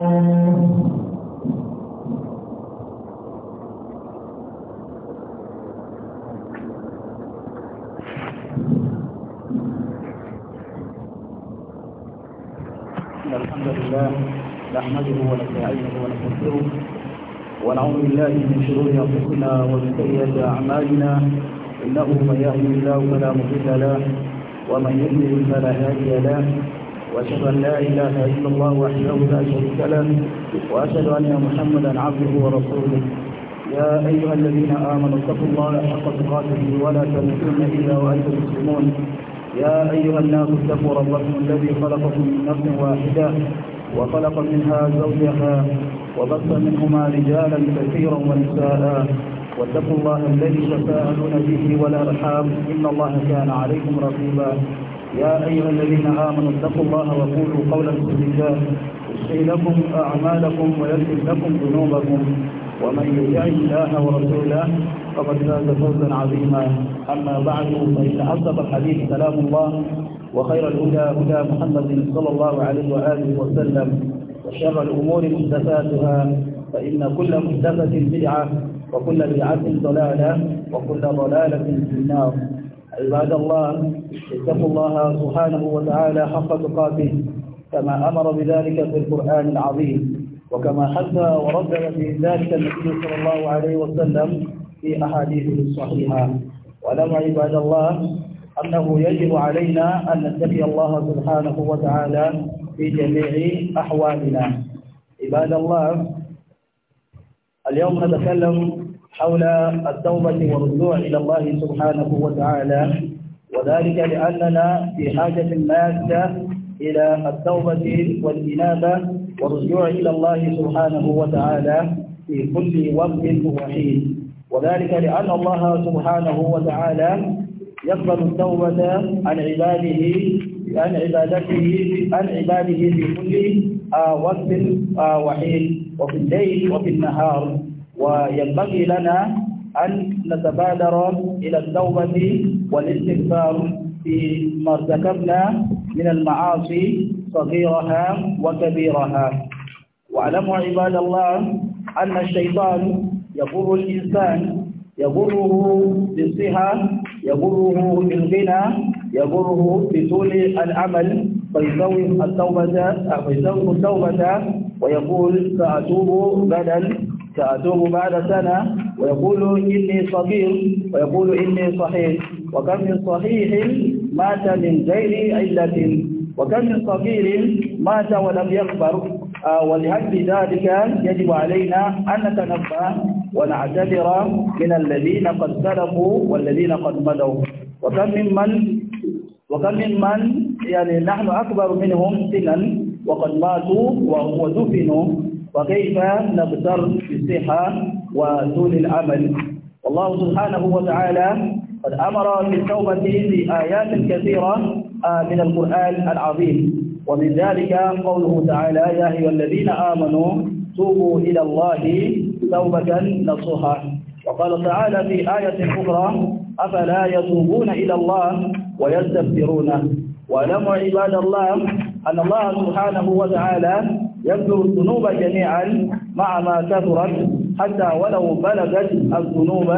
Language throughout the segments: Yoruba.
الحمد لله نحمده ونستعينه ونستغفره ونعوذ بالله من شرور انفسنا ومن سيئات اعمالنا انه من يهده الله فلا مضل له ومن يضلل فلا هادي له وأشهد أن لا إله إلا الله وحده لا شريك له وأشهد أن محمدا عبده ورسوله يا أيها الذين آمنوا اتقوا الله حق تقاته ولا تموتن إلا وأنتم مسلمون يا أيها الناس اتقوا ربكم الذي خلقكم من نفس واحدة وخلق منها زوجها وبث منهما رجالا كثيرا ونساء واتقوا الله الذي تساءلون به ولا رحام إن الله كان عليكم رقيبا يا أيها الذين آمنوا اتقوا الله وقولوا قولا سديدا يشفي لكم أعمالكم ويغفر لكم ذنوبكم ومن يطع الله ورسوله فقد فاز فوزا عظيما أما بعد فإن أصدق الحديث كلام الله وخير الهدى هدى محمد صلى الله عليه وآله وسلم وشر الأمور محدثاتها فإن كل محدثة بدعة وكل بدعة ضلالة وكل ضلالة في النار عباد الله اتقوا الله سبحانه وتعالى حق تقاته كما أمر بذلك في القرآن العظيم وكما حث وردد في ذلك النبي صلى الله عليه وسلم في أحاديثه الصحيحة ولما عباد الله أنه يجب علينا أن نتقي الله سبحانه وتعالى في جميع أحوالنا عباد الله اليوم نتكلم حول التوبة والرجوع إلى الله سبحانه وتعالى وذلك لأننا في حاجة ماسة إلى التوبة والإنابة والرجوع إلى الله سبحانه وتعالى في كل وقت وحين وذلك لأن الله سبحانه وتعالى يقبل التوبة عن عباده عن عبادته عن عباده في كل وقت وحين وفي الليل وفي النهار وينبغي لنا أن نتبادر إلى التوبة والاستغفار فيما ارتكبنا من المعاصي صغيرها وكبيرها واعلموا عباد الله أن الشيطان يغر الإنسان يغره بالصحة يغره بالغنى يغره بطول العمل فيزوج التوبة فيزوج التوبة ويقول سأتوب بدل تأتوه بعد سنة ويقول إني صغير ويقول إني صحيح وكم من صحيح مات من غير علة وكم من صغير مات ولم يكبر آه، ولأجل ذلك يجب علينا أن نتنبه ونعتذر من الذين قد سلفوا والذين قد مضوا وكم ممن وكم ممن يعني نحن أكبر منهم سنا وقد ماتوا ودفنوا فكيف نبتر بالصحة وطول العمل والله سبحانه وتعالى قد أمر بالتوبة في آيات كثيرة آه، من القرآن العظيم ومن ذلك قوله تعالى يا أيها الذين آمنوا توبوا إلى الله توبة نصوحا وقال تعالى في آية أخرى أفلا يتوبون إلى الله ويستغفرونه واعلموا عباد الله أن الله سبحانه وتعالى يذكر الذنوب جميعا مع ما كثرت حتى ولو بلغت الذنوب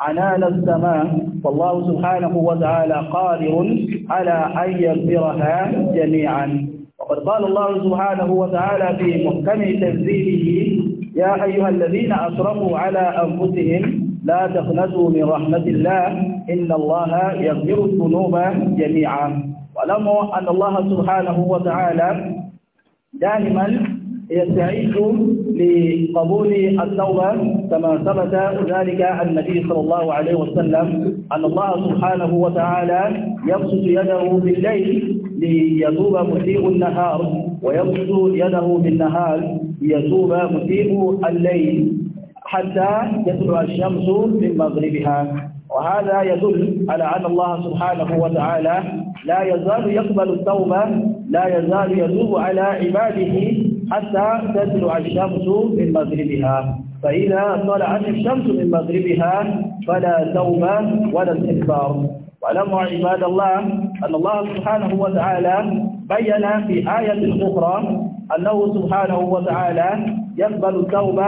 عنان السماء فالله سبحانه وتعالى قادر على أن يغفرها جميعا وقد قال الله سبحانه وتعالى في محكم تنزيله يا أيها الذين أشرفوا على أنفسهم لا تخنثوا من رحمة الله إن الله يغفر الذنوب جميعا واعلموا أن الله سبحانه وتعالى دائما يستعد لقبول التوبة كما ثبت ذلك عن النبي صلى الله عليه وسلم أن الله سبحانه وتعالى يبسط يده بالليل ليتوب مسيء النهار ويبسط يده بالنهار ليتوب مسيء الليل حتى تطلع الشمس من مغربها وهذا يدل على أن الله سبحانه وتعالى لا يزال يقبل التوبة لا يزال يتوب على عباده حتى تطلع الشمس من مغربها فإذا طلعت الشمس من مغربها فلا توبة ولا استكبار ولما عباد الله أن الله سبحانه وتعالى بين في آية أخرى أنه سبحانه وتعالى يقبل التوبة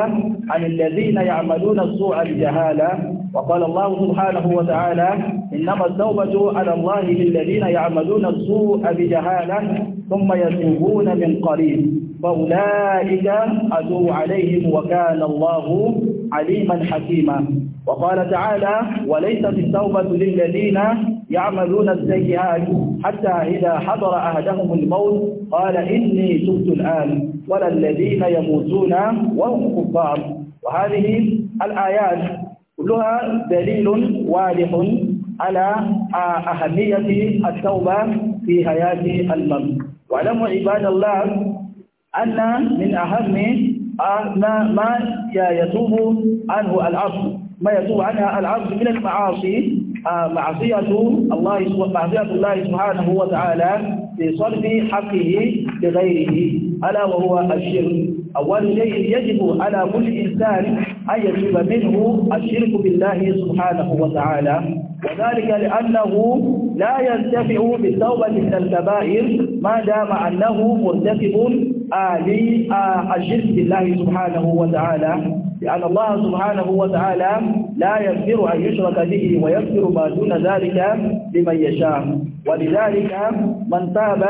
عن الذين يعملون السوء الجهالة وقال الله سبحانه وتعالى إنما التوبة على الله للذين يعملون السوء بجهالة ثم يتوبون من قريب فأولئك أتوب عليهم وكان الله عليما حكيما وقال تعالى وليست التوبة للذين يعملون السيئات حتى إذا حضر أهدهم الموت قال إني تبت الآن ولا الذين يموتون وهم كفار وهذه الآيات كلها دليل واضح على أهمية التوبة في حياة المرء واعلموا عباد الله أن من أهم ما يتوب عنه العبد ما يتوب عنها العبد من المعاصي آه، معصية الله معصية الله سبحانه وتعالى في صرف حقه لغيره ألا وهو الشرك أول شيء يجب على كل إنسان أن يجب منه الشرك بالله سبحانه وتعالى وذلك لأنه لا ينتفع بالتوبة من الكبائر ما دام أنه مرتكب للشرك بالله سبحانه وتعالى لأن الله سبحانه وتعالى لا يغفر أن يشرك به ويغفر ما دون ذلك لمن يشاء ولذلك من تاب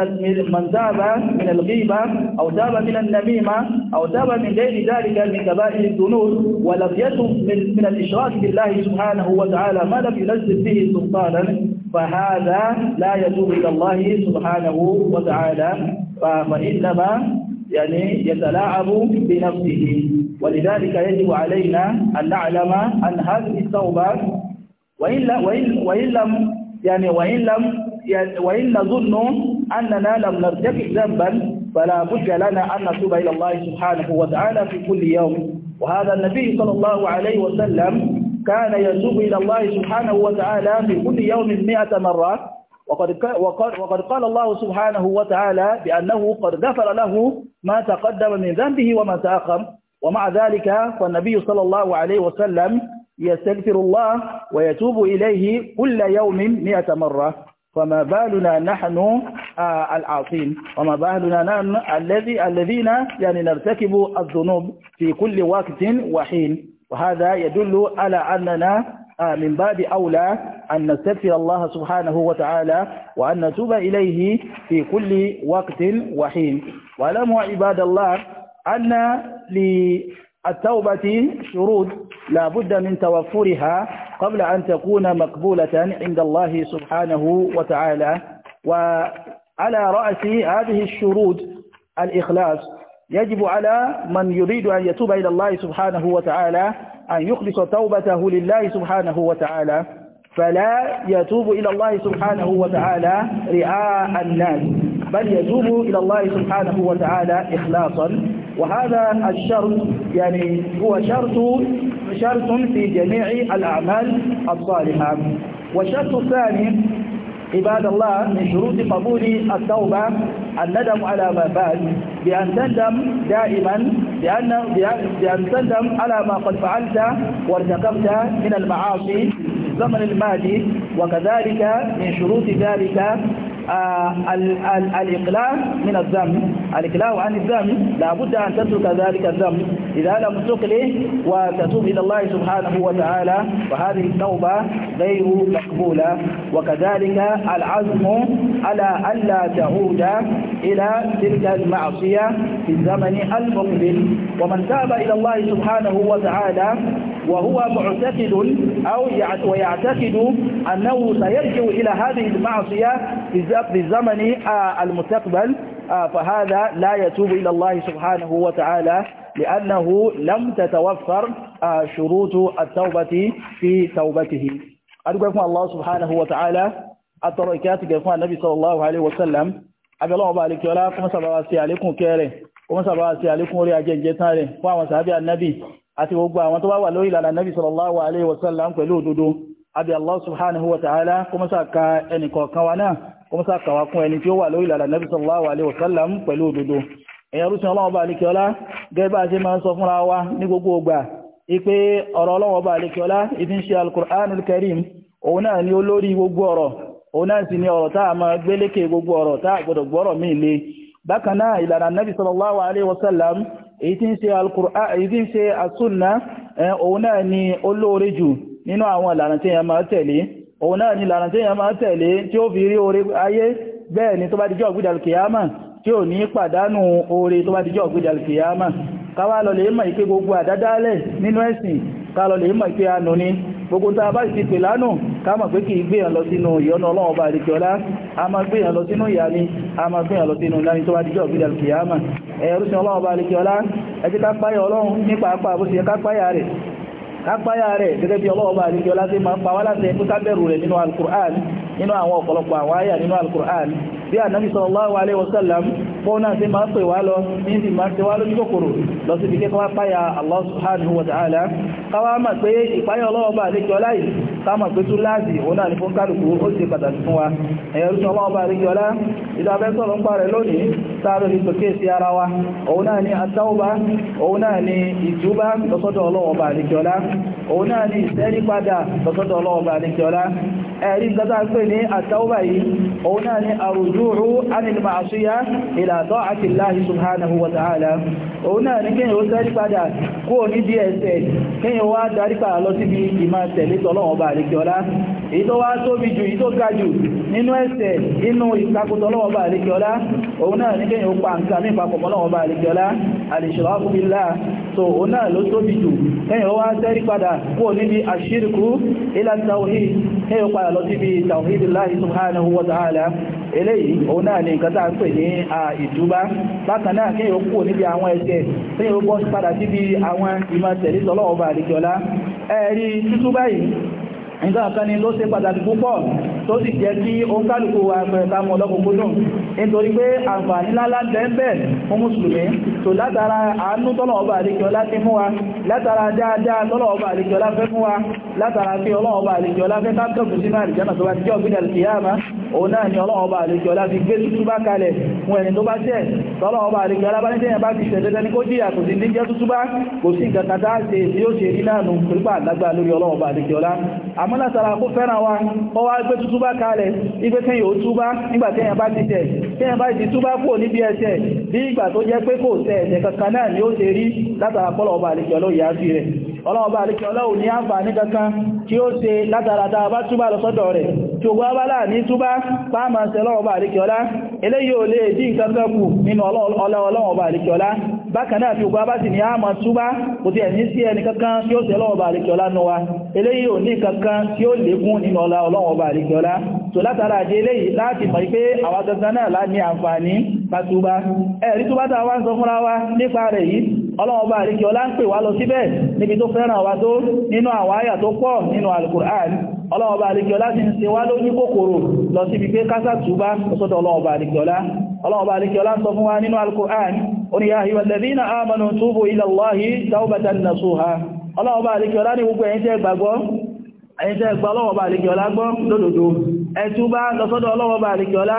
من من تاب من الغيبة أو تاب من النميمة أو تاب من غير ذلك من كبائر الذنوب ولم يتب من, من الإشراك بالله سبحانه وتعالى ما لم ينزل به سلطانا فهذا لا يتوب إلى الله سبحانه وتعالى فإنما يعني يتلاعب بنفسه ولذلك يجب علينا أن نعلم أن هذه التوبة وإن, وإن, وإن لم يعني وإن لم يعني وإن نظن أننا لم نرتكب ذنبا فلا بد لنا أن نتوب إلى الله سبحانه وتعالى في كل يوم وهذا النبي صلى الله عليه وسلم كان يتوب إلى الله سبحانه وتعالى في كل يوم مئة مرة وقد, وقد, وقد قال الله سبحانه وتعالى بأنه قد غفر له ما تقدم من ذنبه وما تأخر ومع ذلك فالنبي صلى الله عليه وسلم يستغفر الله ويتوب إليه كل يوم مئة مرة فما بالنا نحن آه، العاصين وما بالنا نحن الذي الذين يعني نرتكب الذنوب في كل وقت وحين وهذا يدل على أننا آه، من باب أولى أن نستغفر الله سبحانه وتعالى وأن نتوب إليه في كل وقت وحين واعلموا عباد الله أن التوبة شروط لا بد من توفرها قبل أن تكون مقبولة عند الله سبحانه وتعالى وعلى رأس هذه الشروط الإخلاص يجب على من يريد أن يتوب إلى الله سبحانه وتعالى أن يخلص توبته لله سبحانه وتعالى فلا يتوب إلى الله سبحانه وتعالى رعاء الناس بل يتوب إلى الله سبحانه وتعالى إخلاصا وهذا الشرط يعني هو شرط شرط في جميع الأعمال الصالحة والشرط الثاني عباد الله من شروط قبول التوبة الندم على ما فات بأن تندم دائما بأن, بأن تندم على ما قد فعلت وارتكبت من المعاصي في الزمن الماضي وكذلك من شروط ذلك آه، الإقلاع من الذنب الإقلاع عن الذنب لابد أن تترك ذلك الذنب إذا لم تقله وتتوب إلى الله سبحانه وتعالى فهذه التوبة غير مقبولة وكذلك العزم على ألا تعود إلى تلك المعصية في الزمن المقبل ومن تاب إلى الله سبحانه وتعالى وهو معتقد أو ويعتقد أنه سيرجع إلى هذه المعصية في زمن آه، المستقبل آه، فهذا لا يتوب إلى الله سبحانه وتعالى لأنه لم تتوفر آه، شروط التوبة في توبته أدوكم الله سبحانه وتعالى التركات كفوا النبي صلى الله عليه وسلم أبي الله بارك ولا كما سبوا عليكم كيره كما سبوا عليكم ريا جنجتان فما صحابي النبي àti gbogbo àwọn tó bá wà lórí ìlànà nabi sallallahu alaihi wasallam pẹ̀lú òdodo abi allah subhanahu wa ta'ala kuma sa ka ẹni kọ̀ọ̀kan wa náà kuma sa kàwà kún ẹni tí ó òun náà sì ni ọ̀rọ̀ tá a gbélékè gbogbo ọ̀rọ̀ tá a gbọdọ̀ gbọ́rọ̀ míì ìlànà nabi sallallahu alaihi èyí tí ń ṣe al-Qur'an èyí tí ń ṣe as-sunna òun náà ni olóore jù nínú àwọn ìlànà tí èèyàn máa tẹ̀lé òun náà ni ìlànà tí èèyàn máa tẹ̀lé tí ó fi rí oore ayé bẹ́ẹ̀ ni tó bá dijọ́ ògbìdà kìyàmà tí ò ní pàdánù oore tó bá dijọ́ ògbìdà kìyàmà káwá lọ lè mọ̀ ìpé gbogbo àdádálẹ̀ nínú ẹ̀sìn ká lọ lè mọ̀ ìpé anù ni gbogbo tá a bá sì pè lánàá káàmà pé kìí gbéyàn lọ sínú ìyọ́nà ọlọ́run bá àríkẹ́ ọlá a máa gbéyàn lọ sínú ìyá ni a máa gbéyàn lọ sínú láni tó bá díjọ́ ìgbìyà kìyàmà ẹ̀rùsìn ọlọ́run bá àríkẹ́ ọlá ẹ jẹ́ ká páyà ọlọ́run nípa apá àbúṣe ká páyà rẹ̀ nínú àwọn ọ̀pọ̀lọpọ̀ àwọn àyà nínú al-Qur'an bí ànábì sallallahu alaihi wasallam bọ́ọ̀nà sí máa pè wá lọ ní sí máa tẹwà lójú kòkòrò lọ sí ìdíkẹ́ kọwàá páyà Allah subhanahu wa ta'ala káwà mọ̀ pé ìpáyà ọlọ́ọ̀bà àríkẹ́ ọlá yìí ká mọ̀ pé túláàsì òun náà ní fún táàrù ní pẹ̀kẹ́ sí ara wa òun náà ni àtàwọ̀bá òun náà ni ìtúbá lọ́sọ́dọ̀ ọlọ́ọ̀bà àdíkẹ́ọlá òun náà ni ìsẹ́rípadà lọ́sọ́dọ̀ ọlọ́ọ̀bà àdíkẹ́ọlá ẹ̀rí gbọ́ta pé ní àtàwọ̀bá yìí òun náà ni àrùjúrù ánìlmà àṣíyá ìlàtọ́ àti láàrí subhanahu wa ta'ala òun náà ni kíyàn ó sẹ́rí padà kúrò ní dsa kíyàn wá darí padà lọ síbi ìmá tẹ̀lé tọ́lọ́ọ̀bà àríkíọlá èyí tó wá tóbi jù èyí tó ga jù kéyàn ó pa nǹkan ní ìpapọ̀ mọ́lọ́wọ́ bá àlejọ́lá al-ishraku billah so òun náà ló tóbi jù kéyàn ó wá tẹ́rí padà kó níbi ashirku ila tawhid kéyàn ó padà lọ síbi tawhidillahi subhanahu wa ta'ala eléyìí òun náà ni nǹkan tá à ń pè ní ìdúbá bákan náà kéèyàn kú níbi àwọn ẹsẹ̀ kéèyàn bọ́ padà síbi àwọn ìmọ̀ tẹ̀lé tọ́lọ́wọ́ bá àdìjọ́lá ẹ̀rí tútú báyìí nǹkan kan ni tó ṣe pàtàkì púpọ̀ tó sì jẹ́ kí oníkálùkù wa pẹ̀lẹ̀ta mọ̀ lọ́kùnkúndùn nítorí pé àǹfààní lálá bẹ́ẹ̀ fún mùsùlùmí tó látara àánú tọ́lọ̀ọba àríkíọlá ti fún wa látara dáadáa tọ́lọ̀ọba àríkíọlá fẹ́ fún wa látara fi ọlọ́ọba àríkíọlá fẹ́ kákọ̀kù sínú àríjánà tó bá ti jẹ́ ọ̀gbìn àríkíyàmá òun náà ni ọlọ́ọba àríkíọlá fi gbé tútúbá kalẹ̀ fún ẹni tó bá tẹ̀ tọ́lọ̀ọba àríkíọlá bá ní tẹ́yẹ bá ti ṣẹ̀dẹ́dẹ́ ní kó jíyà àmọ́ látara kó fẹ́ràn wa ọwá gbé tútúbá kalẹ̀ igbé kẹ́yìn ó túbá nígbà tẹ́yàn bá ti tẹ̀ tẹ́yàn bá ti túbá kò níbi ẹsẹ̀ bí ìgbà tó jẹ́ pé kò tẹ̀ ẹ̀sẹ̀ kankan ni ó ṣe rí látara pọ́lọ̀ ọba àlejò ọlọ́yà sí rẹ̀ ọlọ́ọ̀bá àríkẹ́ ọlọ́run ní àǹfààní kankan tí ó ṣe látara tá a bá túbà lọ sọ́dọ̀ rẹ̀ tí ó gbábá láà ní túbá pàmà ṣe ọlọ́ọ̀bá àríkẹ́ ọlá eléyìí ò lè dí ìkankan kù nínú ọlọ́ọ̀bá àríkẹ́ ọlá bákanáà fi gbábá sì ní àmà túbá kò tí ẹ̀ní sí ẹni kankan tí ó ṣe ọlọ́ọ̀bá àríkẹ́ ọlá nù wa eléyìí ò ní wa nípa ọlọ́ọ̀bá àríkẹ́ ọlá ń pè wá lọ síbẹ̀ níbi tó fẹ́ràn wa tó nínú àwọn àyà tó pọ̀ nínú Al-Qur'an ọlọ́ọ̀bá àríkẹ́ ọlá ti ń ṣe wá lójú kòkòrò lọ síbi pé kásà túbá sọ́dọ̀ ọlọ́ọ̀bá àríkẹ́ ọlá ọlọ́ọ̀bá àríkẹ́ ọlá sọ fún wa nínú Al-Qur'an oní ya ayyuhal ladhina amanu tubu ila Allahi tawbatan nasuha ọlọ́ọ̀bá àríkẹ́ ọlá ọlọ́ọ̀bá àríkẹ́ ọlá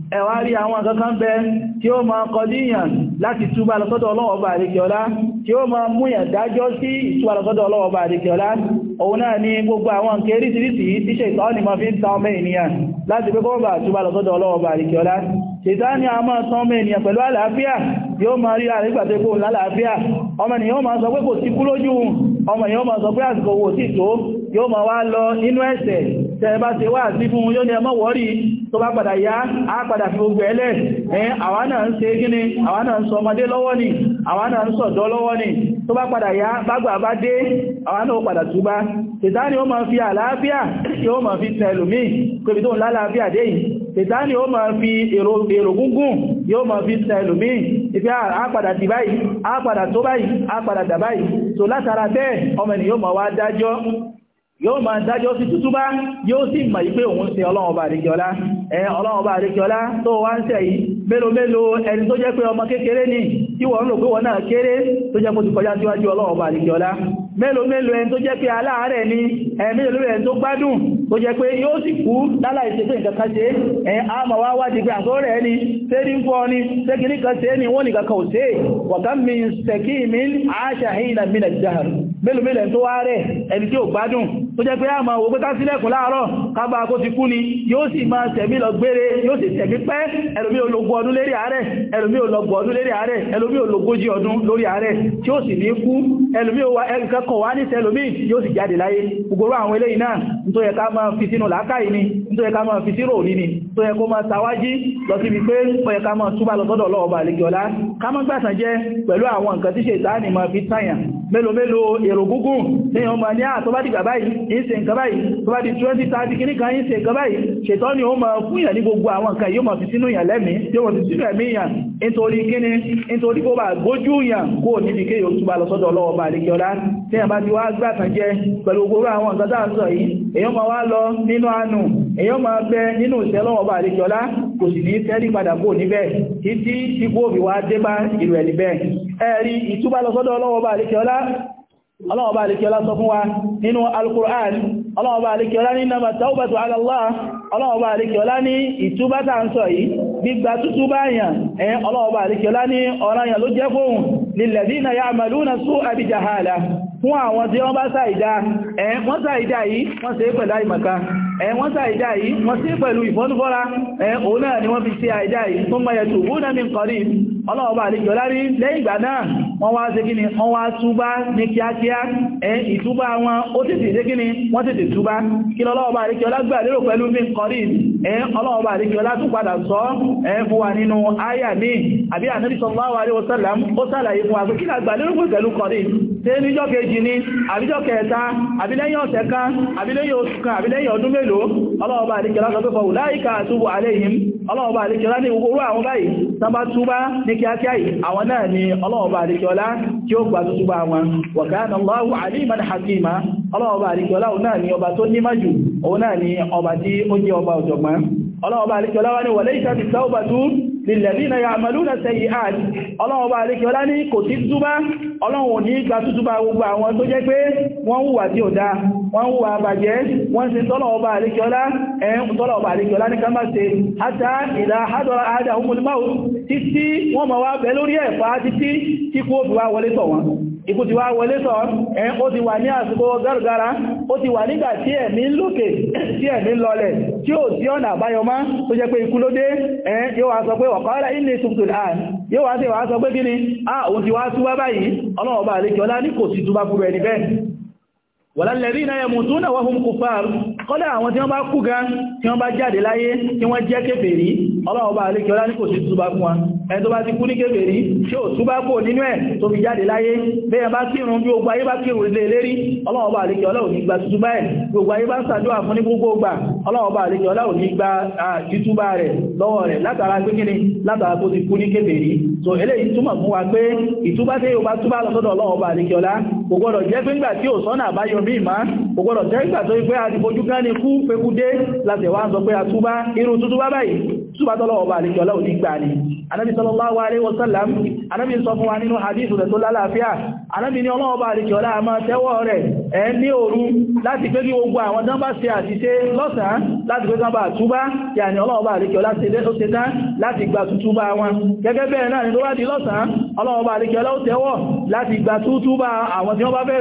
ẹ̀wà rí àwọn kankan bẹ tí ó máa kọdíyàn láti túbà lọ́sọ́dọ̀ ọlọ́wọ́ bá àríkẹ́ọlá tí ó máa múyàn dájọ́ sí ìtúbà lọ́sọ́dọ̀ ọlọ́wọ́ bá àríkẹ́ọlá òun náà ni gbogbo àwọn nǹkan eríṣiríṣi tí ṣètọ́ ni ma fi ń ta ọmọ ènìyàn láti pé kọ́ bá túbà lọ́sọ́dọ̀ ọlọ́wọ́ a máa tán ọmọ ènìyàn pẹ̀lú àlàáfíà yóò máa rí àrígbàtẹ́ kó lálàáfíà ọmọ ènìyàn máa sọ pé kò sí kú lójú ọmọ tẹ́ẹ̀bá ṣe wá sí fún yóò ní ẹmọ́ wọ́rí tó bá padà yá á padà fi gbogbo ẹlẹ́ ẹ̀ àwa náà ń ṣe gíní àwa náà ń sọ ọmọdé lọ́wọ́ ni àwa náà ń sọ̀dọ́ lọ́wọ́ ni tó bá padà yá bágbà bá dé àwa náà padà túbá tìtání ó máa fi àlàáfíà tí ó máa fi tẹ ẹlòmíì pẹ̀lú tó ń lálàáfíà dé yìí tìtání ó máa fi èrò yóò máa dájọ́ sí tútú bá yóò sì mọ̀ ìpé òun ṣe ọlọ́ọ̀bà àríkẹ́ọlá ẹ ọlọ́ọ̀bà àríkẹ́ọlá tó wá ń tẹ̀ yìí mélòó mélòó ẹni tó jẹ́ pé ọmọ kékeré ni tí wọ́n lò pé wọ́n náà kéré tó jẹ́ kó ti kọjá síwájú ọlọ́ọ̀bà àríkẹ́ọlá mélòó ẹni tó ni ẹ̀mí lórí ẹni tó gbádùn tó jẹ́ pé yóò sì kú láláìsẹ́ pé nǹkan kan ṣe ẹ̀ ni ṣé kìíní kan ṣe ni wọ́n nìkan kan ò mi sẹ̀kí mi mi nàìjíríà mélòó mélòó ẹni tó wá rẹ̀ ẹni tí gbádùn tó jẹ́ pé a máa wògbé tásílẹ̀kùn láàárọ̀ kábà kó ti kú ni yóò sì máa tẹ̀mí lọ gbére yóò sì tẹ̀mí pẹ́ ẹlòmí ológun ọdún lérí ààrẹ ẹlòmí ológun ọdún lérí ààrẹ ẹlòmí ológójì ọdún lórí ààrẹ tí ó sì ní kú ẹlòmí ẹnìkankan wá ní tẹlòmí yóò sì jáde láyé gbogbo àwọn eléyìí náà tó yẹ ká máa fi ni tó yẹ ká ni tó yẹ kó máa tawájí lọ síbi pé ó ìṣe nǹkan báyìí tó bá di 2030 kìíní kan ìṣe nǹkan báyìí ṣètọ́ ni ó máa fún ìyà ní gbogbo àwọn nǹkan yóò máa fi sínú ìyà lẹ́mìí tí ó wọ́n ti sínú ẹ̀mí ìyà nítorí kíní nítorí kó bá gójú ìyà kó níbi kéyò túbà lọ sọ́dọ̀ ọlọ́wọ́ bá àríkíọlá tí a bá ti wá gbàtàn jẹ pẹ̀lú gbogbo àwọn nǹkan tá à ń sọ yìí èyàn máa wá lọ nínú àánú èyàn máa bẹ nínú ìṣẹ́ lọ́wọ́ bá àríkíọlá kò sì ní tẹ́rí ọlọ́wọ́ bá alékiọlá sọ fún wa nínú al-Qur'an ọlọ́wọ́ bá alékiọlá ní nàmà taubatu ala Allah ọlọ́wọ́ bá alékiọlá ní ìtúbátà ń sọ yìí gbígbà tútú báyàn ẹ̀yẹn ọlọ́wọ́ bá alékiọlá ní ọ̀ranyàn ló jẹ́ fóhun lilladhina ya'maluna su'a bi jahala fún àwọn tí wọ́n bá ṣàìdá ẹ̀ wọ́n ṣàìdá yìí wọ́n ṣe pẹ̀lú àìmọ̀ká ẹ̀ òun náà ni wọ́n fi ṣe àìdá yìí tó mọ̀ yẹ̀ tó wúnà min qarib ọlọ́ọ̀bá àlejò lárí lẹ́yìn ìgbà náà wọ́n wá ṣe kíni wọ́n wá túbá ní kíákíá ẹ̀ ìtúbá wọn ó tètè ṣe kíni wọ́n tètè túbá kí lọ́ọ̀bá àlejò lágbà lérò pẹ̀lú bí kọrí ẹ̀ ọlọ́ọ̀bá àlejò látún padà sọ ẹ̀ fún wa nínú áyà mi àbí ànábì sallallahu alaihi wasallam ó sàlàyé fún wa ọlọ́ọ̀bá àríkẹ́lá ní owó àwọn báyìí tán bá túbá ní kíákíá yìí àwọn náà ni ọlọ́ọ̀bá àríkẹ́lá tí ó gbà túbá wọn wa kana Allahu aliman hakima ọlọ́ọ̀bá àríkẹ́lá náà ni ọba tó nímọ̀ jù òun náà ni ọba tí ó jẹ́ ọba ọ̀jọ̀gbọ́n ọlọ́ọ̀bá àríkẹ́lá wá ní wọlé ìṣàbí sáúbà lìlẹ̀bínà ya mẹ́lúnà sẹ́yì àti ọlọ́run bá alékẹ́ ọlá ní kò tí túbá ọlọ́run ní ìgbà tútúbá gbogbo àwọn tó jẹ́ pé wọ́n hùwà tí ò dá wọ́n hùwà àbàjẹ́ wọ́n ṣe tọ́lọ̀ọba alékẹ́ ọlá ẹ̀yìn tọ́lọ̀ọba alékẹ́ ọlá ní kámàṣe àtà ìlà àdọ́ra àdà ohun mọ̀lúmáwò títí wọ́n mọ̀ wá bẹ lórí ẹ̀fà títí tí kú ó fi wá wọlé tọ̀ wọn ikú ti wá wọlé sọ ẹ̀ ó ti wà ní àsìkò gárgara ó ti wà nígbà tí ẹ̀mí ń lókè tí ẹ̀mí ń lọlẹ̀ tí ó sí ọ̀nà àbáyọmá tó jẹ́ pé ikú ló dé ẹ̀ yóò wá sọ pé wọ̀kọ́lá ilé tuntun láàrín ni a òun ti wá túbá báyìí ọlọ́ọ̀bá àlejò ọlá ní kò sí túbá fúrú ẹni bẹ́ẹ̀ wàlálẹ̀rí náà yẹmùtú náà wọ́n kò fàárù kọ́lá àwọn tí wọ́n bá kú gan tí wọ́n bá jáde láyé tí wọ́n jẹ́ kéfèrí ọlọ́ọ̀bá àlejò ọlá ní kò sí túbá ẹni tó bá ti kú ní kèfèrí tí ó túbá kò nínú ẹ̀ tó fi jáde láyé bẹ́ẹ̀ bá kírun bí ogbó ayé bá kírun ilé lérí ọlọ́ọ̀bá àríkẹ́ ọlọ́ọ̀ ní gba tútúbá ẹ̀ gbogbo ayé bá ń sàdúwà fún ní gbogbo ọgbà ọlọ́ọ̀bá àríkẹ́ ọlọ́ọ̀ ní gba tútúbá rẹ̀ lọ́wọ́ rẹ̀ látara pé kíni látara tó ti kú ní kèfèrí so eléyìí túmọ̀ fún wa pé ìtúbá tí yóò bá túbá lọ sọ́dọ̀ ọlọ́ọ̀bá àríkẹ́ ọlá kò gbọ́dọ̀ jẹ́ pé ńgbà tí ò ní kú túbá irú túbátọ́lọ́wọ́ bá àríkẹ́ ọlọ́wọ́ ní gbà ní anábi sallallahu alaihi wasallam anábi sọ fún wa nínú hadithu rẹ̀ tó lálàáfíà anábi ní ọlọ́wọ́ bá àríkẹ́ ọlá àmá tẹ́wọ́ rẹ̀ ẹ ní òru láti pé kí gbogbo àwọn tán bá ṣe àṣìṣe lọ́sàn láti pé kán bá túbá yà ní ọlọ́wọ́ bá àríkẹ́ ọlá ṣe tán láti gba túbá wọn gẹ́gẹ́ bẹ́ẹ̀ náà ni tó bá di lọ́sàn ọlọ́wọ́ bá àríkẹ́ ọlá tẹ́wọ́ láti gba túbá àwọn tí wọ́n bá fẹ́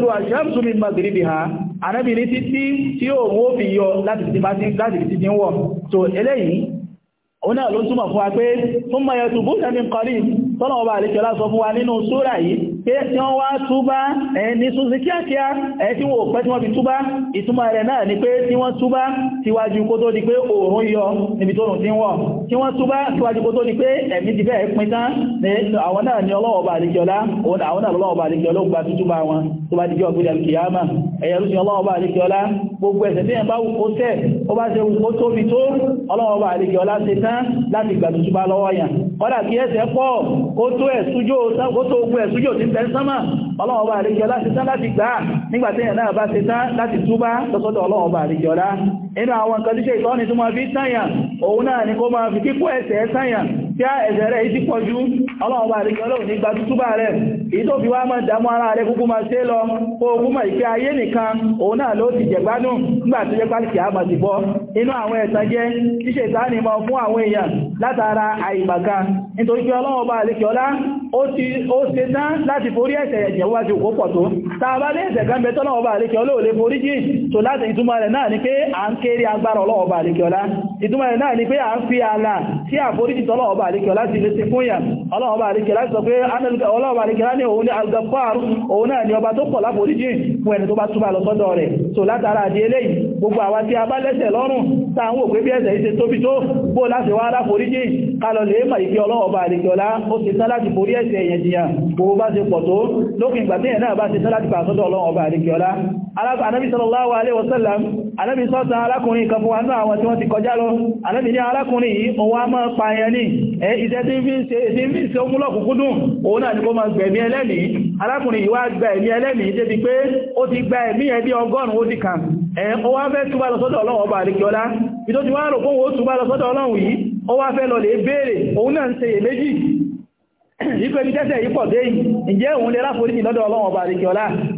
sọ́básà min maghribiha ànábì ní títí tí òun ó fi yọ láti fi ti ń wọ̀ so eléyìí òun náà ló túmọ̀ fún wa pé thumma yatubuna min qarib tọ́nà ọba àlejò wa nínú súrà yìí pé tí wọ́n wá túbá ẹni tún sí kíákíá ẹ̀ tí wọ́n pẹ́ tí wọ́n fi túbá ìtumọ̀ rẹ̀ náà ni pé tí wọ́n túbá tíwájú kó tó di pé oòrùn yọ níbi tó rùn tí wọ́n tí wọ́n túbá tíwájú kó tó di pé ẹ̀mí ti fẹ́ pin tán ní àwọn náà ni ọlọ́ọ̀bà àdìjọlá àwọn náà lọ́ọ̀bà àdìjọlá gba túbá wọn tó bá dìjọ́ ọgbẹ́jà kìyàmà ẹ̀yẹ̀rú sí ọlọ́ọ̀bà àdìjọlá gbogbo ẹ̀ṣẹ̀ tí ẹ̀ bá wù kó tẹ̀ ó bá ṣe wù bẹ sánmà ọlọ́ọ̀bà àríjọlá ti tán láti gbà nígbàtí ẹ̀nà bá ti tán láti túbá lọ́sọ́dọ̀ ọlọ́ọ̀bà àríjọlá inú àwọn nǹkan tí ṣe ìtọ́ni tó máa fi sáyà òun náà ni kó máa fi kíkó ẹ̀ṣẹ̀ sáyà tí á ẹ̀ṣẹ̀ rẹ̀ ti pọ̀ ọlọ́ọ̀bá àríkẹ́ ọlọ́run ní gba tútúbà rẹ̀ èyí tó fi wá máa ara rẹ̀ kúkú ma ṣe lọ ogun mọ̀ ìfẹ́ ayé nìkan òun náà ló ti jẹ̀gbánú nígbà tó jẹ́ pálíkì àmà ti bọ́ inú àwọn ẹ̀sàn jẹ́ ṣíṣe ìtànìmọ̀ fún àwọn èèyàn látara àìmàkà nítorí pé ọlọ́ọ̀bá àríkẹ́ ọlá ó ṣe tán láti forí ẹ̀ṣẹ̀ ẹ̀jẹ̀ wá ju òkó pọ̀ tó tàbá lé ẹ̀ṣẹ̀ kan bẹ tọ́lọ́ọ̀bá àríkẹ́ olóòlé forí jì tó láti ìtumọ̀ rẹ̀ náà ni pé à ọlọ́ọ̀bà àríkẹ́lá sọ pé ọlọ́ọ̀bà àríkẹ́lá ní òun ní al òun náà ni ọba tó pọ̀ láforíjì fún ẹni tó bá túbà lọ sọ́dọ̀ rẹ̀ so látara àdí eléyìí gbogbo àwa tí a bá lẹ́sẹ̀ lọ́rùn táwọn òpé bí ẹ̀ṣẹ̀ ìṣe tóbi tó bó láti wá láforíjì kalọ̀ lè mà ìfẹ́ ọlọ́ọ̀bà àríkẹ́lá ó ti tán láti forí ẹ̀ṣẹ̀ èèyàn jìyàn gbogbo bá ṣe pọ̀ tó lókè ìgbà tí ẹ̀nà bá ṣe tán láti pàṣọ́dọ̀ wa náà àwọn tí wọ́n ti kọjá lọ anábì ní alákùnrin yìí òun a máa pààyàn ní ẹ̀ ìṣẹ́ tí ń tí ó mú lọ́kùnkúndùn òun náà ni kó máa gbẹ̀mí ẹlẹ́mìí arákùnrin yìí wá gba ẹ̀mí ẹlẹ́mìí débi pé ó ti gba ẹ̀mí ẹbí ọgọ́rùn ó ti kàn ẹ̀ ó wá fẹ́ túbá lọ ọba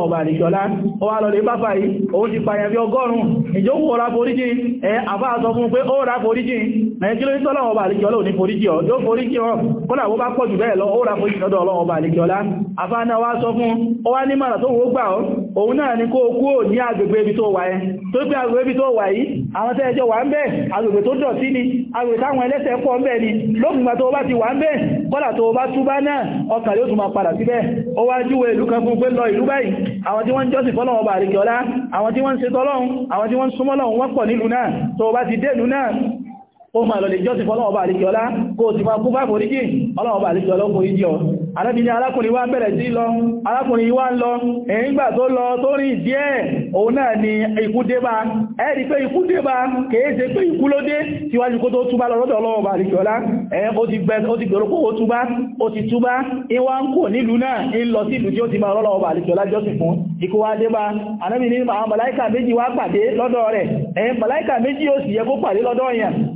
ọlọ́ọ̀bà àríṣọ́lá ó wá lọ́lẹ̀ bá fàyí òun ti pàyàn bí ọgọ́rùn-ún ìjọ ó rà foríjì ẹ àbá sọ fún pé ó rà foríjì nàíjírí sọ́lọ́ọ̀bà àríṣọ́lá ò ní foríjì ọ̀ yóò foríjì ọ̀ kọ́nà bó bá pọ̀ jù bẹ́ẹ̀ lọ ó rà foríjì àríṣọ́lá àfáàná wá sọ fún tó wó gbà òun náà ni kó kúrò ní agbègbè ibi tó wà ẹ́ tó pé agbègbè ibi tó wà yìí àwọn tẹ́ ẹjọ́ wà ń bẹ agbègbè tó dọ̀tí ni agbègbè táwọn ẹlẹ́ṣẹ̀ pọ̀ ń bẹ ni lókùngbà tó bá ti wà ń bẹ kọ́là tó bá túbá náà ọkàn yóò tún máa padà síbẹ̀ ó wá júwe ìlú kan fún pé lọ ìlú báyìí àwọn tí wọ́n ń ó máa lọlẹ̀ jọ́sí fọ́lọ́ọ̀bà àríkíọlá kó ti máa kú bá foríjì ọlọ́ọ̀bà àríkíọlá ó foríjì ọ arábìnrin arákùnrin wá bẹ̀rẹ̀ sí lọ arákùnrin wá ń lọ ẹ̀yìngbà tó lọ tó rìn díẹ̀ òun náà ni ikú débá ẹ̀rí pé ikú débá kèé ṣe pé ikú ló dé síwájú kó tó túbá lọ́dọ̀ ọlọ́ọ̀bà àríkíọlá ó ti gbèrò kó ó túbá ó ti túbá ìwá ń kò nílùú náà ń lọ sí ìlú tí ó ti máa ọlọ́ọ̀bà àríkíọlá jọ́sìn fún ikú wá débá arábìnrin àwọn màláìkà lọ́dọ̀ rẹ̀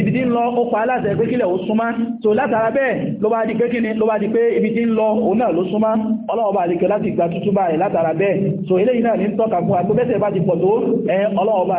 ibi tí ń lọ ó pa aláṣẹ pé kílẹ̀ ó súnmá so látara bẹ́ẹ̀ ló bá di pé kíni ló bá di pé ibi tí ń lọ òun náà ló súnmá ọlọ́ọ̀bá àríkẹ́ láti gba tútúbà rẹ̀ látara bẹ́ẹ̀ so eléyìí náà ní tọ́ka fún agbóbẹ́sẹ̀ bá ti pọ̀ tó ẹ ọlọ́ọ̀bá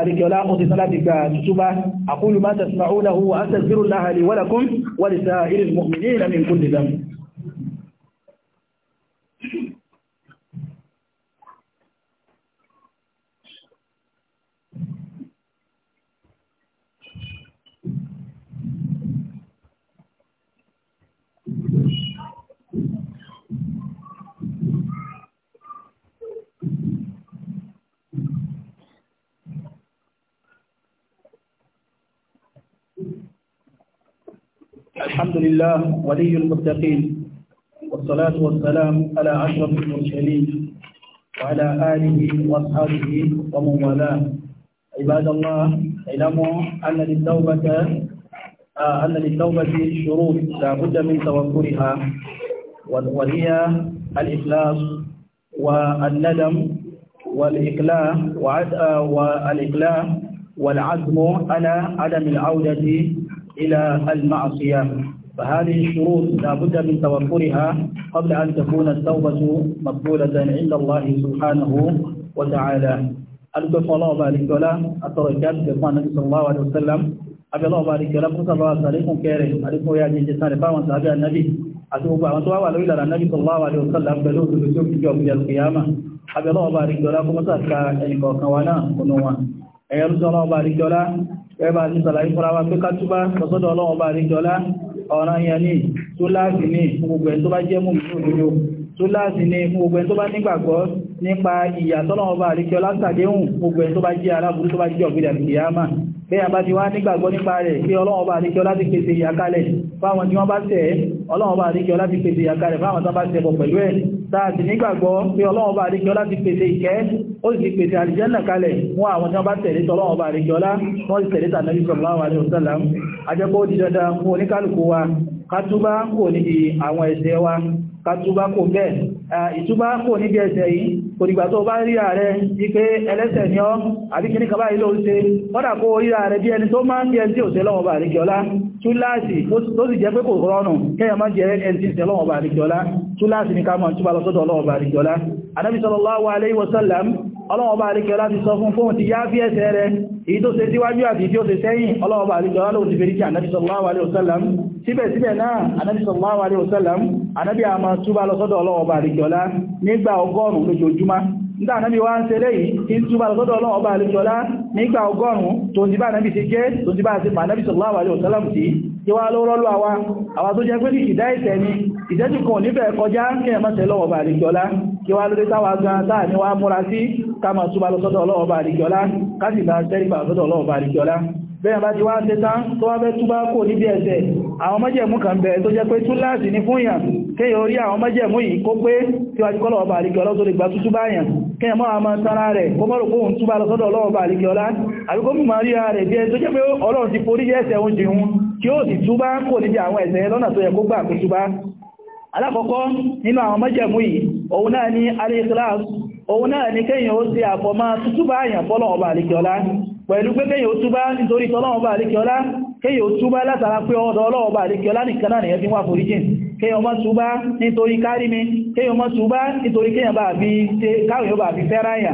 الحمد لله ولي المتقين والصلاة والسلام على أشرف المرسلين وعلى آله وأصحابه ومن والاه عباد الله اعلموا أن للتوبة آه، أن للتوبة شروط لا بد من توفرها وهي الإخلاص والندم والإقلاع آه، والإقلاع والعزم على عدم العودة إلى المعصية فهذه الشروط لا بد من توفرها قبل أن تكون التوبة مقبولة عند الله سبحانه وتعالى ألقف الله بارك ولا أتركت بإخوان النبي صلى الله عليه وسلم أبي الله بارك ولا فرصة الله سليكم كيره عليكم يا جنجي سالفا وصحابي النبي أتوب أتوب على إلى النبي صلى الله عليه وسلم بلوث بسوك يوم القيامة أبي الله بارك ولا كما تذكر أنك وكوانا كنوا أي الله بارك ولا ẹbà ti sàlàyé fúnra wa pé kátúbá lọ́sọ́dọ̀ ọlọ́run bá ríjọlá ọ̀ràn yẹn ní tó láàzì ní gbogbo ẹ̀ tó bá jẹ́ mùmí òdodo tó láàzì ní gbogbo ẹ̀ tó bá nígbàgbọ́ nípa ìyà tọ́lọ́run bá ríjọlá sàdéhùn gbogbo ẹ̀ tó bá jẹ́ aláburú tó bá jẹ́ ọ̀gbẹ̀dẹ̀ bí a bá ti wá nígbàgbọ́ nípa rẹ̀ bí ọlọ́run bá níkẹ́ láti pèsè ìyàkálẹ̀ fáwọn tí wọ́n bá tẹ̀ ọlọ́run bá níkẹ́ láti pèsè ìyàkálẹ̀ fáwọn tó bá tẹ̀bọ̀ pẹ̀lú ẹ̀ tààtì nígbàgbọ́ bí ọlọ́run bá níkẹ́ láti pèsè ìkẹ́ ó sì pèsè àlìjẹ́nà kalẹ̀ wọ́n àwọn tí wọ́n bá tẹ̀lé tọ́lọ́run bá níkẹ́ ọlá kàtúbá kò bẹ́ẹ̀ ìtúbá kò níbi ẹ̀ṣẹ̀ yìí kò dìgbà tó bá rí ààrẹ ní pé ẹlẹ́ṣẹ̀ ni ọ́ àbí kí ní kàbá ìlò ṣe wọ́dà kó rí ààrẹ bí ẹni tó máa ń bí ẹni tí ò tẹ́lọ́wọ́ bá rí kíọlá túláàsì tó sì jẹ́ pé kò rọrùn kẹ́yà má jẹ́ ẹni tí tẹ́lọ́wọ́ bá rí kíọlá túláàsì ní ká mọ̀ túbá lọ sọ́dọ̀ ọlọ́wọ́ bá rí kíọlá anábì ọlọ́wọ́ba àríkẹ́ láti sọ fún fóhun ti yá fí ẹsẹ̀ rẹ̀ èyí tó ṣe síwájú àti tí ó ṣe sẹ́yìn ọlọ́wọ́ba àríkẹ́ lóòrùn ti fèríkẹ́ ànábì sallallahu alaihi wasallam síbẹ̀síbẹ̀ náà ànábì sallallahu alaihi àríkẹ́ ọlá nígbà náà bí wá ń ṣe lẹ́yìn tí túbà lọ́dọ̀ ọlọ́wọ́ bá alẹ́ṣọ́lá nígbà ọgọ́rùn-ún tó ti bá náàbí ti jẹ́ tó ti bá ti pà náàbí sallallahu alaihi wasallam tí tí wá lọ́rọ́lọ́ àwa àwa tó jẹ́ pé ní ìdá ìtẹ́ ni ìṣẹ́jú kan níbẹ̀ kọjá kí ẹ mọ́sẹ̀ lọ́wọ́ bá alẹ́ṣọ́lá kí bẹ́ẹ̀ bá ti wá ṣe tán tó wá bẹ́ túbá kò níbi ẹ̀ṣẹ̀ àwọn májẹ̀mú kan bẹ̀rẹ̀ tó jẹ́ pé túláàsì ní fún yàn kéyàn orí àwọn májẹ̀mú yìí kó pé tí wá jíkọ́ lọ́wọ́ bàríkẹ́ ọlọ́ tó lè gbà tútú báyàn kéyàn mọ́ àmọ́ tánra rẹ̀ kó mọ́rò kóhun túbá lọ sọ́dọ̀ ọlọ́wọ́ bàríkẹ́ ọlá àbí kó mọ̀ rí ara rẹ̀ bí ẹ tó jẹ́ pé ọlọ́run ti forí pẹ̀lú pé kéyàn ó túbá nítorí tọ́lọ́wọ́ bá àríkẹ́ọlá kéyàn ó túbá látara pé ọ̀dọ̀ ọlọ́wọ́ bá àríkẹ́ọlá nìkan náà nìyẹn fi wà foríjìn kéyàn má túbá nítorí kárí mi kéyàn má túbá nítorí kéyàn bá fi fẹ́ráyà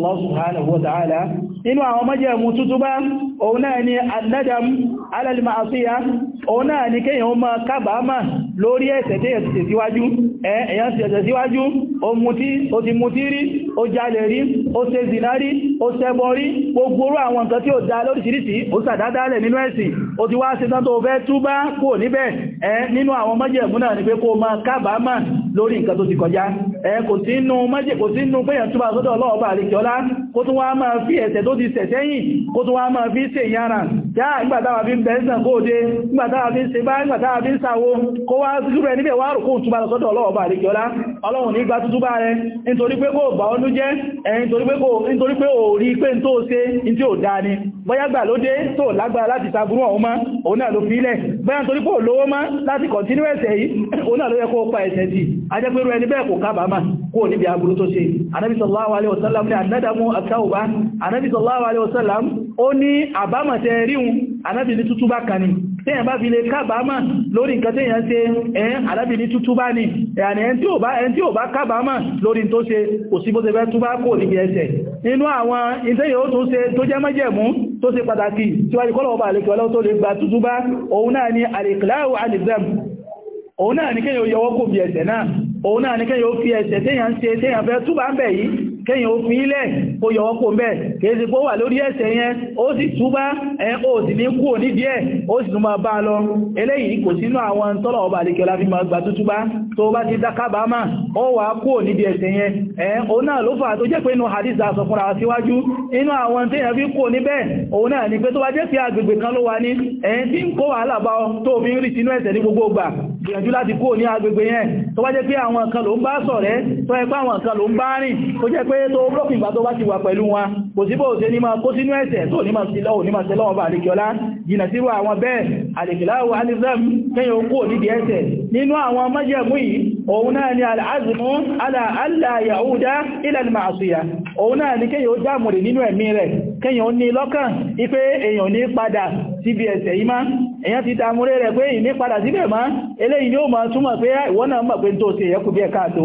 Allah subhanahu wa ta'ala nínú àwọn májẹ̀mú tútúbá òun náà ni annadam ala al-ma'siyah òun náà ni kéèyàn máa kábàámà lórí ẹ̀ṣẹ̀ tí èyàn ti tẹ̀ síwájú èyàn ti tẹ̀ síwájú o ti mutí rí o jalè rí o ṣe zìná rí o ṣẹbọ rí gbogbo orú àwọn nǹkan tí ó dá lóríṣiríṣi ó sàdádálẹ̀ nínú ẹ̀sìn o ti wá ṣe tán tó fẹ́ túbá kò níbẹ̀ nínú àwọn májẹ̀mú náà ni pé kó máa kábàámà lórí nǹkan tó ti kọjá ẹ kò sí inú mẹ́jẹ̀ kò sí inú péyàn túbà sọ́dọ̀ ọlọ́ọ̀bà àríkẹ́ọlá kó tún wá máa fi ẹ̀ṣẹ̀ tó ti ṣẹ̀ sẹ́yìn kó tún wá máa fi ṣe ìyára já ìgbàtàwà fi ń bẹ̀ẹ́ sàn kó dé ìgbàtàwà fi ń ṣe bá ìgbàtàwà fi ń bóyá gbà ló dé tó lágbára láti sàbúrú ọ̀hún mọ́ òun náà ló fílẹ̀ bóyá torí pò lówó mọ́ láti kọ̀tínú ẹ̀ṣẹ̀ yìí òun náà ló yẹ kó pa ẹ̀ṣẹ̀ tí ajẹ́pẹ̀rú ẹni bẹ́ẹ̀ kò kábàámà kó níbi aburú tó ṣe Ànábì sallallahu alaihi wasallam ní àdádàmú àtàwùbá Ànábì sallallahu alaihi wasallam ó ní àbámọ̀tẹ̀ ríhun Ànábì ní tútúbá kan ni tẹ́yàn bá fi lè kábàámà lórí nǹkan tẹ́yàn ṣe ẹ̀yìn alábi ní tútú bá ní ẹ̀yàní ẹni tí ò bá kábàámà lórí tó ṣe òsìbóṣe fẹ́ túbá kò níbi ẹsẹ̀ nínú àwọn ìtẹ́yẹ̀ ó tún ṣe tó jẹ́ mẹ́jẹ̀mú tó ṣe pàtàkì síwájú kọ́lọ̀ọ̀bà àlèkẹ́ ọlọ́ tó lè gba tútú bá òun náà ni àlèkìláàwò alìzẹ́m òun náà ní Oyowo yọwọ́ kó mẹ́ kéèsì pó wà lórí ẹ̀ṣẹ̀ yẹn ó sì túbá ẹ̀ ó sì ní kú òní díẹ̀ ó sì tún bá lọ eléyìí kò sínú àwọn tọ́lọ̀ ọba àlekẹ́lá fi máa gbà tó bá ti dákábàámà ó wà kú O díẹ̀ yẹn ẹ òun náà ló fà tó jẹ́ pé inú síwájú inú àwọn tí fi kan ló wà ní tí ń kó wàhálà bá ọ gbogbo gbìyànjú láti agbègbè yẹn tó bá jẹ́ pé àwọn kan ló wà pẹ̀lú wọn kò síbò òṣè ní máa kó sínú ẹ̀ṣẹ̀ tó ní máa sí lọ́wọ́ ní máa sí lọ́wọ́ bá àríkíọlá jìnà sírò àwọn bẹ́ẹ̀ àríkìláwò alizam kẹ́yìn okó nínú ni al'azmu ala alla ya'uda ila al-ma'siyah òun náà ni kẹ́yìn ó dámùrì nínú ẹ̀mí rẹ̀ kẹ́yìn ó ní lọ́kàn ipé èyàn ní padà síbi ẹ̀ṣẹ̀ yìí má èyàn ti dámùrì rẹ̀ pé ìní padà síbẹ̀ má eléyìí ni máa túmọ̀ pé ìwọ náà mọ̀ pé tó ṣe yẹ́kù bí ẹ̀ká tó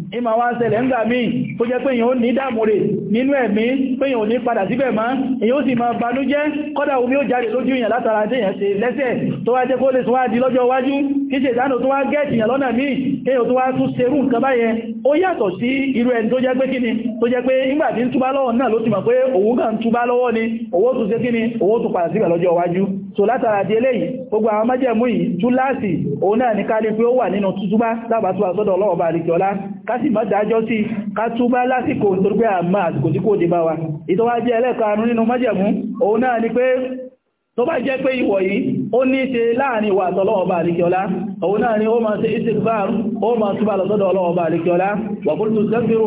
ìmọ̀ wá ń ṣẹlẹ̀ ń gbà míì tó jẹ́ pé èyàn ó ní dààmú rẹ̀ nínú ẹ̀mí pé èyàn ò ní padà síbẹ̀ mọ́ èyàn ó sì máa banújẹ́ kódà omi ó jáde lójú èyàn látara tí èyàn lẹ́sẹ̀ tó wá jẹ́ kó lè tún di lọ́jọ́ iwájú kí ṣe ìdánù tó wá gẹ́ẹ̀tì èyàn lọ́nà so látara di eléyìí gbogbo àwọn májẹ̀mú yìí túláàsì òun náà ní kárí pé ó wà nínú tútúbá lábàtúwà sọ́dọ̀ ọlọ́wọ̀ bá àríkẹ́ ọlá kásì má dájọ́ sí ká túbá lásìkò nítorí pé àmà àsìkò tí kò dé bá wa ìtọ́wá jẹ́ tó bá jẹ́ pé ìwọ̀ yìí ó ní ṣe láàrin ìwà àtọ́lọ́ọ̀bà àríkíọlá òun náà ni ó máa ṣe istighfar ó máa túbà lọ́sọ́dọ̀ ọlọ́ọ̀bà àríkíọlá wa qultu istaghfiru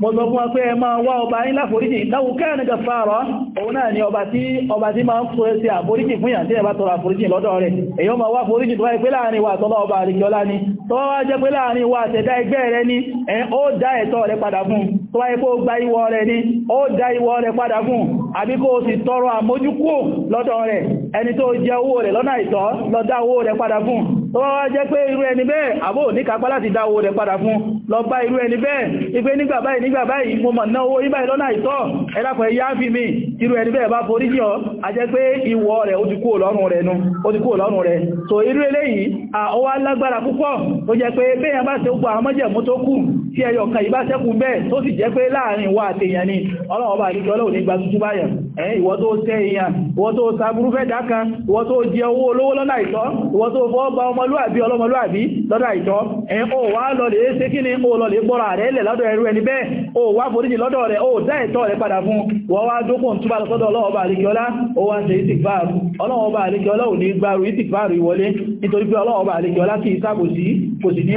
mo sọ fún wa pé ẹ máa wá ọba yín láforíjì láwù kẹ́ẹ̀nì gàfàárọ̀ òun náà ni ọba tí ọba tí máa ń fún ẹsẹ̀ àforíjì fún yàn tí ẹ bá tọrọ àforíjì lọ́dọ̀ rẹ̀ èyí ọmọ wá foríjì tó wáyé pé láàrin wa tọ́lá ọba àríkíọlá ni tó wá jẹ́ pé láàrin wa àtẹ̀dá ẹgbẹ́ rẹ ni ẹ ó dá ẹ̀tọ́ rẹ padà fún tó wáyé pé ó gba ìwọ rẹ ni ó dá ìwọ rẹ padà fún àbí kó o sì tọrọ àmójúkú lọ́dọ̀ rẹ̀ ẹni tó jẹ owó rẹ̀ lọ́nà àìtọ́ lọ dá owó rẹ̀ padà fún tó wá jẹ́ pé irú ẹni bẹ́ẹ̀ àbò ní kápá láti dá owó rẹ̀ padà fún lọ bá irú ẹni bẹ́ẹ̀ ipé nígbà báyìí nígbà báyìí mo mọ̀ ná owó ibáyìí lọ́nà àìtọ́ ẹlápọ̀ ẹ̀yà fi mi irú ẹni bẹ́ẹ̀ bá forí yọ a jẹ́ pé ìwọ rẹ̀ ó ti kú ọlọ́run rẹ̀ nu ó ti kú ọlọ́run rẹ̀ so irú eléyìí àwa lágbára púpọ̀ tó jẹ́ pé bẹ́yàn bá ṣe gbogbo àwọn mọ́jẹ̀mú tó kù tí ẹyọ kan ìbá ṣẹ́kù bẹ́ẹ̀ tó sì jẹ́ pé láàrin wa àtèyàn ni ọlọ́wọ́ bá àríkẹ́ ọlọ́wọ́ ní gba tuntun báyàn ẹ̀yìn ìwọ tó tẹ́ èèyàn ìwọ tó sàbúrú fẹ́ dákan ìwọ tó jẹ owó olówó lọ́nà àìtọ́ ìwọ tó fọ́ gba ọmọlúàbí ọlọ́mọlúàbí lọ́dọ̀ àìtọ́ ẹ̀ o wá lọlẹ̀ ṣe kí ni o lọlẹ̀ gbọ́ra rẹ̀ lẹ̀ lọ́dọ̀ ẹrú ẹni bẹ́ẹ̀ o wá foríjì lọ́dọ̀ rẹ̀ o dá ẹ̀tọ́ rẹ̀ padà fún wọ́n wá dókò ń túbà lọ́sọ́dọ̀ ọlọ́wọ́ bá àríkẹ́ọlá o wá ṣe ìsìkfààrù ọlọ́wọ́ bá àríkẹ́ọlá ò ní gbàrú ìsìkfààrù ìwọlé nítorí pé ọlọ́wọ́ bá àríkẹ́ọlá kì í sábòsí kò sì ní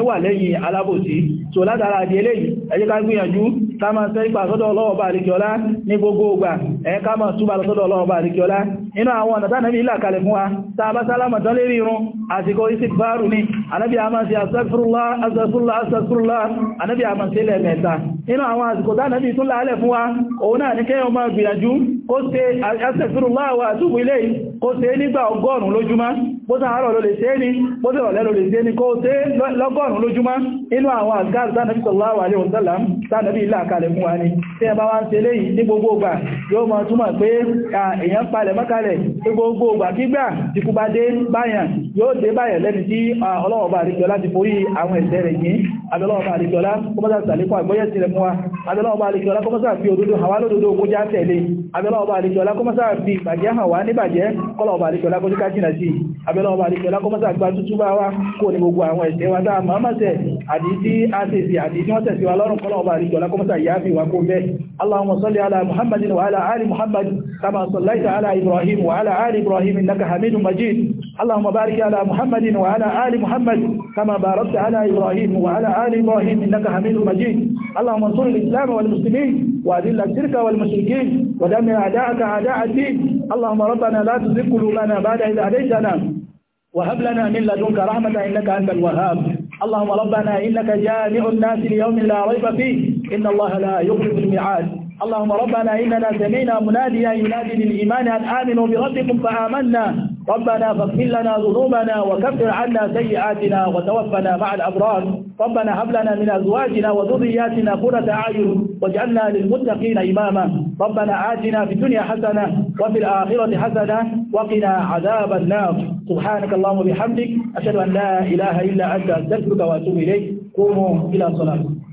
látàrí eléyìí ẹ jẹ́ ká gbìyànjú ká máa sẹ́rípà sọ́dọ̀ ọlọ́ọ̀bà àríkíọlá ní gbogbo ìgbà ẹ ká máa túbà lọ́sọ́dọ̀ ọlọ́ọ̀bà àríkíọlá inú àwọn ọ̀nà tánàbí ìlàkalẹ̀ fún wa tàbá sálámà tán lérí irun àsìkò isi báàrù ní anábí àmà sí astaghfirullah astaghfirullah astaghfirullah anábí àmà sí ilẹ̀ mẹ́ta inú àwọn àsìkò tánàbí tún láàlẹ̀ fún wa òun náà ní kẹ́yàn máa gbìyànjú kó ṣe astaghfirullah wa àtúbù ilé kó ṣe nígbà ọgọ́rùn-ún lójúmọ́ bó sàárọ̀ ló lè ṣe ní bó sì ọ̀lẹ́ ló lè ṣe ní kó ṣe lọ́gọ́rùn-ún lójúmọ́ inú àwọn àgáàrù tánàbí sallallahu alaihi wasallam tánàbí ìlàkalẹ̀ fún balẹ̀ pé gbogbo ògbàkígbà tí kú bá dé báyàn yóò dé báyàn lẹ́ni tí ọlọ́ọ̀bà àríkọlá ti forí àwọn ẹ̀ṣẹ̀ rẹ̀ yìí abẹ́lọ́ọ̀bà àríkọlá kọmọ́sà sàlékọ́ àgbọ́yẹ̀ sílẹ̀ fún wa abẹ́lọ́ọ̀bà àríkọlá kọmọ́sà fi òdodo àwa lódodo kó já tẹ̀lé abẹ́lọ́ọ̀bà àríkọlá kọmọ́sà fi ìbàjẹ́ hàn wá níbàjẹ́ kọlọ̀ọ̀bà àríkọlá kó jíká jìnà sí abẹ́lọ́ọ̀bà àríkọlá kọmọ́sà gba tútú bá wa kó ní gbogbo àwọn ẹ̀ṣẹ̀ wa dáa máa mọ̀ àdìsí àṣèṣì àdìsí wọ́n tẹ̀síwá lọ́rùn kọ́lọ̀ ọba àríjọ lákọ́mọ́sà ìyáfi wà kó bẹ́ اللهم صل على محمد وعلى آل محمد كما صليت على إبراهيم وعلى آل إبراهيم إنك حميد مجيد اللهم بارك على محمد وعلى آل محمد ربنا لا تزغ قلوبنا بعد إذ هديتنا وهب لنا من لدنك رحمة إنك أنت الوهاب اللهم ربنا إنك جامع الناس ليوم لا ريب فيه إن الله لا يخلف الميعاد اللهم ربنا إننا سمعنا مناديا ينادي للإيمان أن آمنوا بربكم فآمنا ربنا فاغفر لنا ذنوبنا وكفر عنا سيئاتنا وتوفنا مع الأبرار ربنا هب لنا من أزواجنا وذرياتنا قرة أعين واجعلنا للمتقين إماما ربنا آتنا في الدنيا حسنة وفي الآخرة حسنة وقنا عذاب النار سبحانك اللهم وبحمدك أشهد أن لا إله إلا أنت أستغفرك وأتوب إليك قوموا إلى صلاتكم